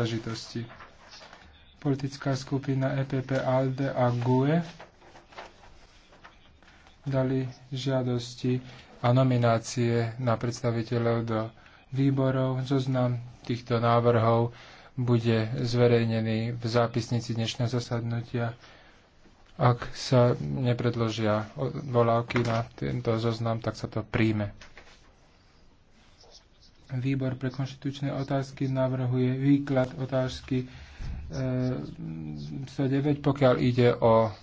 záležitosti. Politická skupina EPP ALDE a GUE dali žiadosti a nominácie na predstaviteľov do výborov. Zoznam týchto návrhov bude zverejnený v zápisnici dnešného zasadnutia. Ak sa nepredložia volávky na tento zoznam, tak sa to príjme. Výbor pre konštitučné otázky navrhuje výklad otázky e, 109, pokiaľ ide o